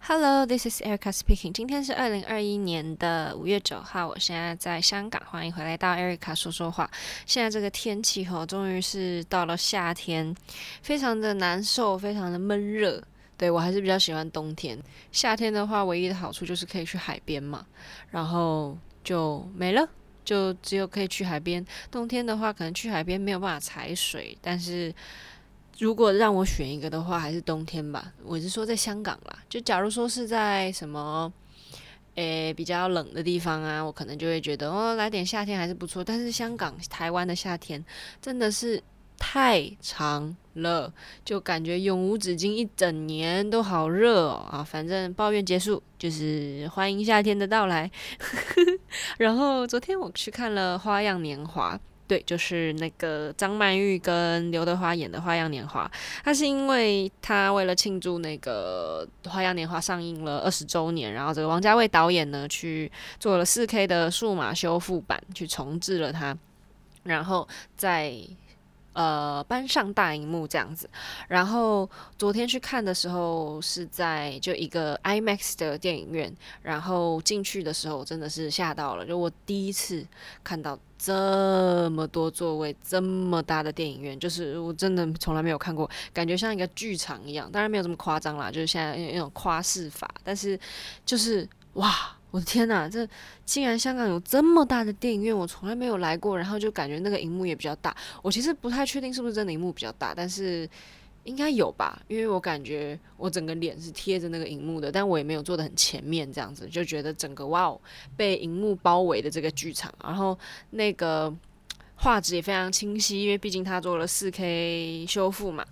Hello，this is Erica speaking。今天是二零二一年的五月九號，我現在在香港，歡迎回來到 Erica 說說話。現在這個天氣哦，終於是到了夏天，非常的難受，非常的悶熱。對，我還是比較喜歡冬天，夏天的話，唯一的好處就是可以去海邊嘛，然後就沒了。就只有可以去海邊，冬天的話可能去海邊沒有辦法踩水，但是如果讓我選一個的話，還是冬天吧。我是說在香港啦，就假如說是在什麼、欸，誒比較冷的地方啊，我可能就會覺得哦、喔、來點夏天還是不錯。但是香港、台灣的夏天真的是太長了，就感覺永無止境，一整年都好熱、哦、啊！反正抱怨結束，就是歡迎夏天的到來。 然後昨天我去看了《花樣年華》，對，就是那個張曼玉跟劉德華演的《花樣年華》。他是因為他為了慶祝那個《花樣年華》上映了二十週年，然後這個王家衛導演呢去做了 4K 的數碼修復版，去重製了它，然後在。呃，搬上大熒幕這樣子。然後昨天去看的時候是在就一個 IMAX 的電影院。然後進去的時候我真的是嚇到了，就我第一次看到這麼多座位這麼大的電影院，就是我真的從來沒有看過，感覺像一個劇場一樣。當然沒有這麼誇張啦，就是現在那種誇飾法，但是就是哇。我的天哪、啊，這竟然香港有這麼大的電影院，我從來沒有來過，然後就感覺那個熒幕也比較大。我其實不太確定是不是真的熒幕比較大，但是應該有吧，因為我感覺我整個臉是貼着那個熒幕的，但我也沒有坐的很前面，這樣子就覺得整個哇、wow, 哦，被熒幕包圍的這個劇場，然後那個畫質也非常清晰，因為畢竟它做了四 K 修復嘛。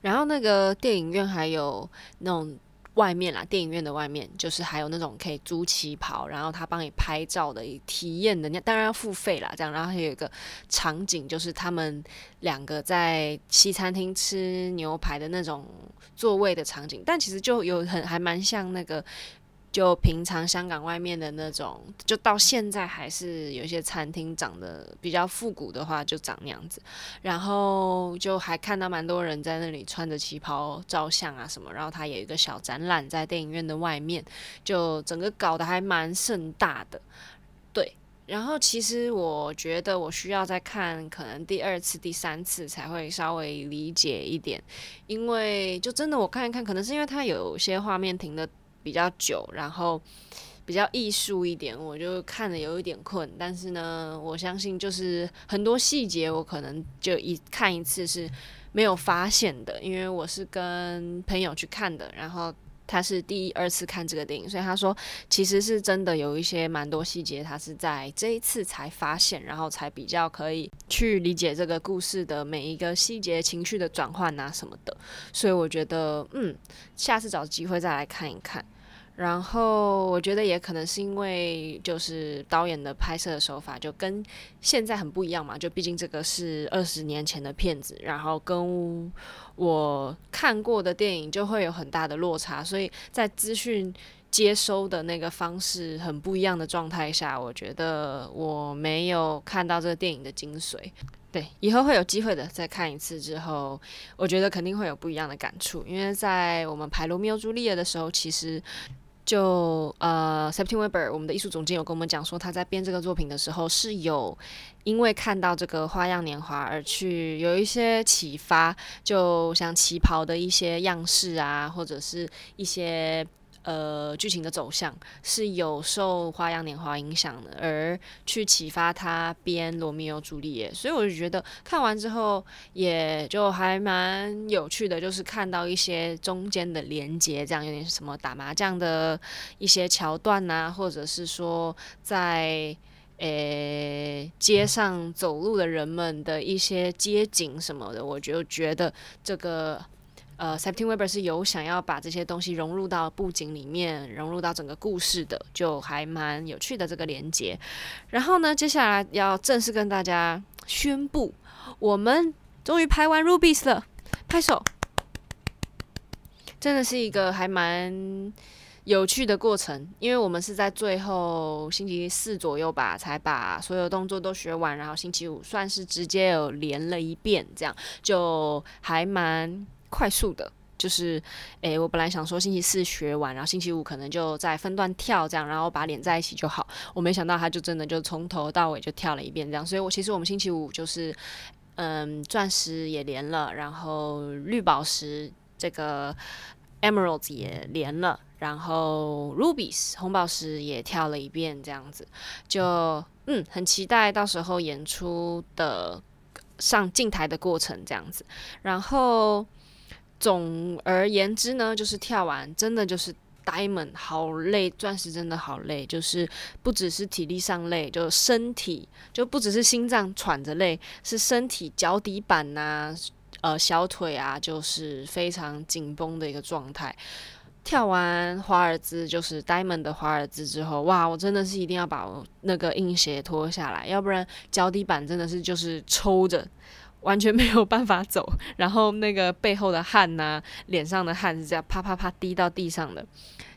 然後那個電影院還有那種。外面啦，電影院的外面就是還有那種可以租旗袍，然後他幫你拍照的體驗的，那當然要付費啦。這樣，然後還有一個場景就是他們兩個在西餐廳吃牛排的那種座位的場景，但其實就有很還蠻像那個。就平常香港外面的那種，就到現在還是有些餐廳長得比較復古的話，就長那樣子。然後就還看到蠻多人在那裡穿着旗袍照相啊什麼。然後它有一個小展覽在電影院的外面，就整個搞得還蠻盛大的。對，然後其實我覺得我需要再看，可能第二次、第三次才會稍微理解一點。因為就真的我看一看，可能是因為它有些畫面停的。比較久，然後比較藝術一點，我就看的有一點困。但是呢，我相信就是很多細節，我可能就一看一次是沒有發現的，因為我是跟朋友去看的，然後。他是第二次看這個電影，所以他說其實是真的有一些蠻多細節，他是在這一次才發現，然後才比較可以去理解這個故事的每一個細節、情緒的轉換啊什麼的。所以我覺得，嗯，下次找機會再來看一看。然後我覺得也可能是因為就是導演的拍攝的手法就跟現在很不一樣嘛，就畢竟這個是二十年前的片子，然後跟。我看過的電影就會有很大的落差，所以在資訊接收的那個方式很不一樣的狀態下，我覺得我沒有看到這個電影的精髓。對，以後會有機會的，再看一次之後，我覺得肯定會有不一樣的感觸。因為在我們排《羅密歐朱麗葉》的時候，其實。就呃 Sebastian Weber，我們的藝術總監有跟我們講說，他在編這個作品的時候是有因為看到這個《花樣年華》而去有一些啟發，就像旗袍的一些樣式啊，或者是一些。呃，劇情的走向是有受《花樣年華》影響的，而去啟發他編《羅密歐朱麗葉》，所以我就覺得看完之後也就還蠻有趣的，就是看到一些中間的連接，這樣有點什麼打麻將的一些橋段吶、啊，或者是說在呃、欸、街上走路的人們的一些街景什麼的，嗯、我就覺得這個。呃 Septime Webre 是有想要把這些東西融入到布景裡面，融入到整個故事的，就還蠻有趣的這個連接。然後呢，接下來要正式跟大家宣布，我們終於拍完《Rubies》了，拍手！真的是一個還蠻有趣的過程，因為我們是在最後星期四左右吧，才把所有動作都學完，然後星期五算是直接有連了一遍，這樣就還蠻。快速的，就是，誒、欸，我本來想說星期四學完，然後星期五可能就再分段跳這樣，然後把它連在一起就好。我沒想到他就真的就從頭到尾就跳了一遍這樣，所以我其實我們星期五就是，嗯，鑽石也連了，然後綠寶石這個 Emeralds 也連了，然後 Rubies 紅寶石也跳了一遍這樣子，就嗯，很期待到時候演出的上鏡台的過程這樣子，然後。總而言之呢，就是跳完真的就是 diamond 好累，鑽石真的好累，就是不只是體力上累，就身體就不只是心臟喘着累，是身體腳底板吶、啊，呃，小腿啊，就是非常緊繃的一個狀態。跳完華爾茲，就是 diamond 的華爾茲之後，哇，我真的是一定要把我那個硬鞋脫下來，要不然腳底板真的是就是抽着，完全沒有辦法走，然後那個背後的汗吶、啊，臉上的汗是這樣啪啪啪滴到地上的，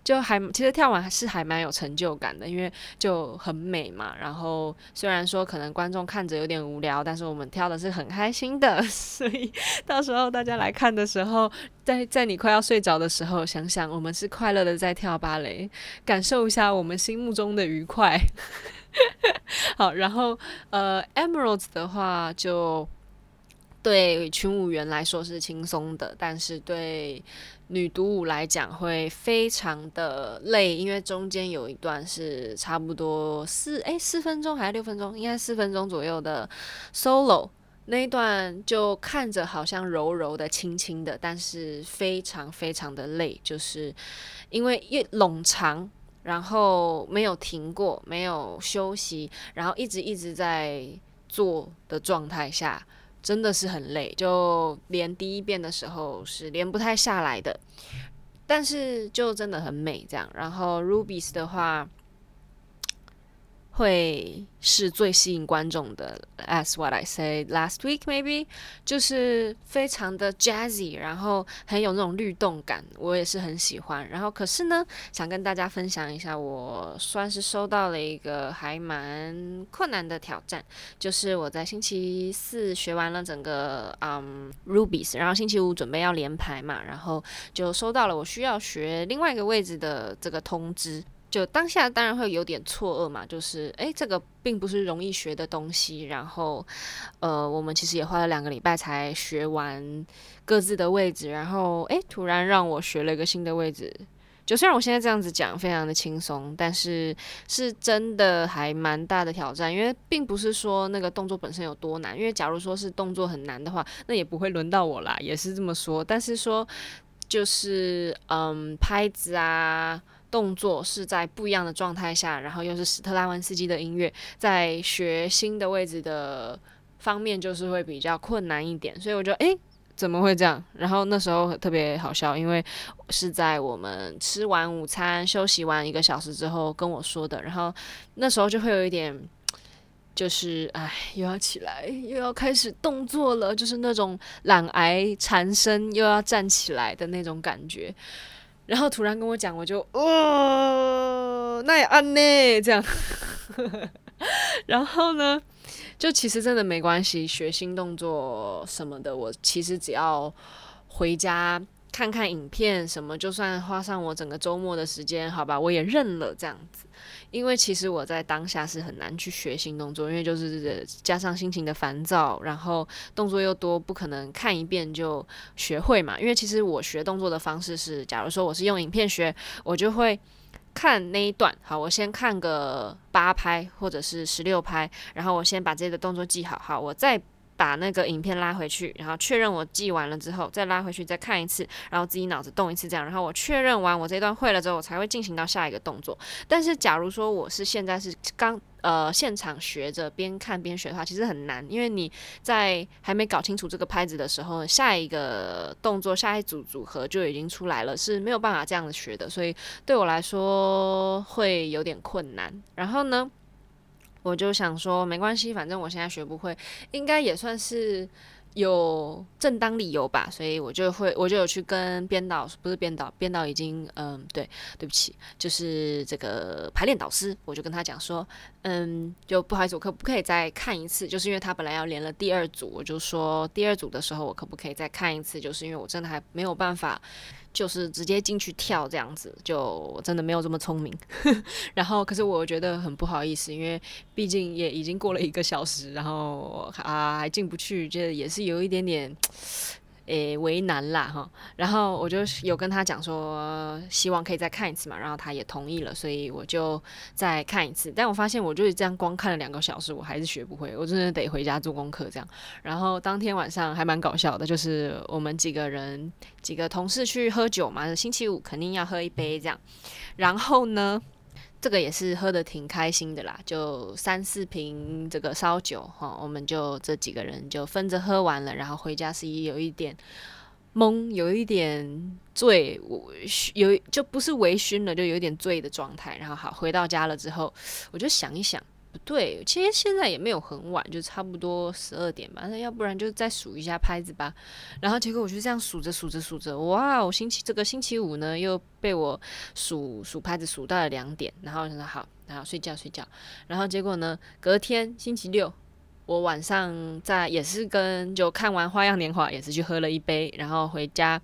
就還其實跳完還是還蠻有成就感的，因為就很美嘛。然後雖然說可能觀眾看着有點無聊，但是我們跳的是很開心的，所以到時候大家來看的時候，在在你快要睡着的時候，想想我們是快樂的在跳芭蕾，感受一下我們心目中的愉快。 好，然後呃，Emeralds 的話就。對群舞員來說是輕鬆的，但是對女獨舞來講會非常的累，因為中間有一段是差不多四哎、欸、四分鐘還是六分鐘，應該四分鐘左右的 solo，那一段就看着好像柔柔的、輕輕的，但是非常非常的累，就是因為一冗長，然後沒有停過，沒有休息，然後一直一直在做的狀態下。真的是很累，就連第一遍的時候是連不太下來的，但是就真的很美這樣。然後 Ruby's 的話。會是最吸引觀眾的，as what I said last week，maybe 就是非常的 jazzy，然後很有那種律動感，我也是很喜歡。然後可是呢，想跟大家分享一下，我算是收到了一個還蠻困難的挑戰，就是我在星期四學完了整個嗯、um, Rubies，然後星期五準備要連排嘛，然後就收到了我需要學另外一個位置的這個通知。就當下當然會有點錯愕嘛，就是哎、欸，這個並不是容易學的東西。然後，呃，我們其實也花了兩個禮拜才學完各自的位置。然後，哎、欸，突然讓我學了一個新的位置。就雖然我現在這樣子講非常的輕鬆，但是是真的還蠻大的挑戰。因為並不是說那個動作本身有多難，因為假如說是動作很難的話，那也不會輪到我啦，也是這麼說。但是說就是嗯，拍子啊。動作是在不一樣的狀態下，然後又是斯特拉文斯基的音樂，在學新的位置的方面就是會比較困難一點，所以我覺得哎，怎麼會這樣？然後那時候特別好笑，因為是在我們吃完午餐、休息完一個小時之後跟我說的。然後那時候就會有一點，就是哎，又要起來，又要開始動作了，就是那種懶癌纏身，又要站起來的那種感覺。然後突然跟我講，我就哦，那也按呢這樣。 然後呢，就其實真的沒關係，學新動作什麼的，我其實只要回家看看影片什麼，就算花上我整個周末的時間，好吧，我也認了這樣子。因為其實我在當下是很難去學新動作，因為就是加上心情的煩躁，然後動作又多，不可能看一遍就學會嘛。因為其實我學動作的方式是，假如說我是用影片學，我就會看那一段，好，我先看個八拍或者是十六拍，然後我先把這個動作記好，好，我再。把那個影片拉回去，然後確認我記完了之後，再拉回去再看一次，然後自己腦子動一次這樣，然後我確認完我這段會了之後，我才會進行到下一個動作。但是假如說我是現在是剛呃現場學着邊看邊學的話，其實很難，因為你在還沒搞清楚這個拍子的時候，下一個動作下一組組合就已經出來了，是沒有辦法這樣子學的。所以對我來說會有點困難。然後呢？我就想說，沒關係，反正我現在學不會，應該也算是有正當理由吧，所以我就會，我就有去跟編導，不是編導，編導已經，嗯，對，對不起，就是這個排練導師，我就跟他講說，嗯，就不好意思，我可不可以再看一次？就是因為他本來要連了第二組，我就說第二組的時候，我可不可以再看一次？就是因為我真的還沒有辦法。就是直接進去跳這樣子，就真的沒有這麼聰明。 然後，可是我覺得很不好意思，因為畢竟也已經過了一個小時，然後啊還進不去，覺得也是有一點點。誒、欸，為難啦哈，然後我就有跟他講說，希望可以再看一次嘛，然後他也同意了，所以我就再看一次。但我發現，我就是這樣光看了兩個小時，我還是學不會，我真的得回家做功課這樣。然後當天晚上還蠻搞笑的，就是我們幾個人幾個同事去喝酒嘛，星期五肯定要喝一杯這樣。然後呢？這個也是喝的挺開心的啦，就三四瓶這個燒酒哈，我們就這幾個人就分着喝完了，然後回家是一有一點懵，有一點醉，有就不是微醺了，就有一點醉的狀態。然後好，回到家了之後，我就想一想。不對，其實現在也沒有很晚，就差不多十二點吧。那要不然就再數一下拍子吧。然後結果我就這樣數着數着數着，哇！我星期這個星期五呢，又被我數數拍子數到了兩點。然後我就說好，然後睡覺睡覺。然後結果呢，隔天星期六。我晚上在也是跟就看完《花樣年華》，也是去喝了一杯，然後回家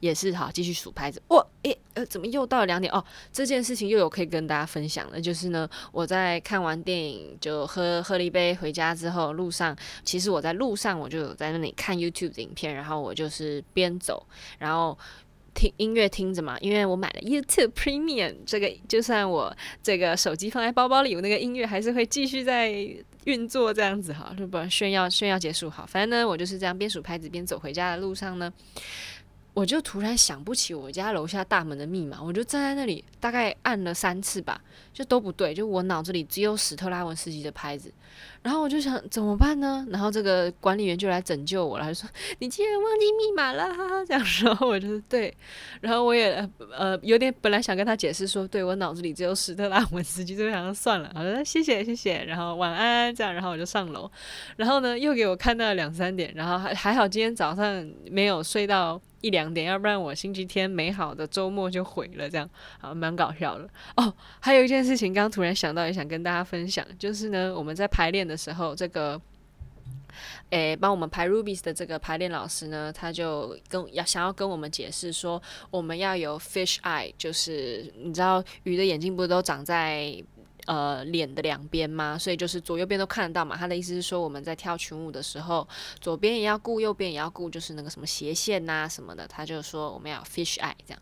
也是好繼續數拍子。哇，誒、欸，呃，怎麼又到了兩點？哦，這件事情又有可以跟大家分享的，就是呢，我在看完電影就喝喝了一杯回家之後，路上其實我在路上我就有在那裡看 YouTube 的影片，然後我就是邊走，然後。聽音樂聽着嘛，因為我買了 YouTube Premium，這個就算我這個手機放在包包裡，我那個音樂還是會繼續在運作這樣子哈。就不要炫耀炫耀結束好，反正呢，我就是這樣邊數拍子邊走回家的路上呢，我就突然想不起我家樓下大門的密碼，我就站在那裡，大概按了三次吧，就都不對。就我腦子裡只有史特拉文斯基的拍子，然後我就想怎麼辦呢？然後這個管理員就來拯救我了，他說你竟然忘記密碼了，這樣說我就是、對。然後我也呃有點本來想跟他解釋說，對我腦子裡只有史特拉文斯基，就想說算了，好的謝謝謝謝，然後晚安這樣，然後我就上樓，然後呢又給我看到兩三點，然後還還好今天早上沒有睡到。一兩點，要不然我星期天美好的周末就毀了，這樣啊，蠻搞笑的哦。Oh, 還有一件事情，剛剛突然想到，也想跟大家分享，就是呢，我們在排練的時候，這個誒，幫、欸、我們排 Rubies 的這個排練老師呢，他就跟要想要跟我們解釋說，我們要有 fish eye，就是你知道魚的眼睛不都長在？呃，臉的兩邊嘛，所以就是左右邊都看得到嘛。他的意思是說，我們在跳群舞的時候，左邊也要顧，右邊也要顧，就是那個什麼斜線啊什麼的。他就說我們要 fish eye 這樣。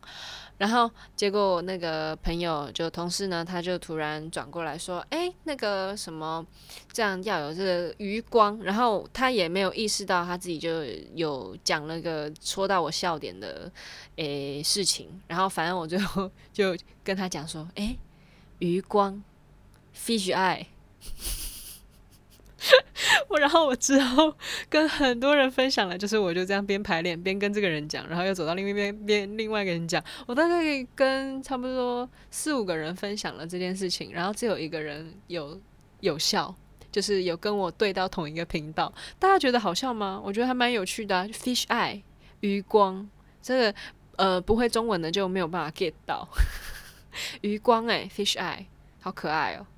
然後結果我那個朋友就同事呢，他就突然轉過來說，哎，那個什麼，這樣要有這個餘光。然後他也沒有意識到他自己就有講那個戳到我笑點的誒事情。然後反正我最後就跟他講說，哎，餘光。Fish eye，我 然後我之後跟很多人分享了，就是我就這樣邊排練邊跟這個人講，然後又走到另一邊邊另外一個人講，我大概跟差不多四五個人分享了這件事情，然後只有一個人有有笑，就是有跟我對到同一個頻道。大家覺得好笑嗎？我覺得還蠻有趣的、啊。Fish eye，餘光，這個呃不會中文的就沒有辦法 get 到餘 光哎、欸、，Fish eye 好可愛哦、喔。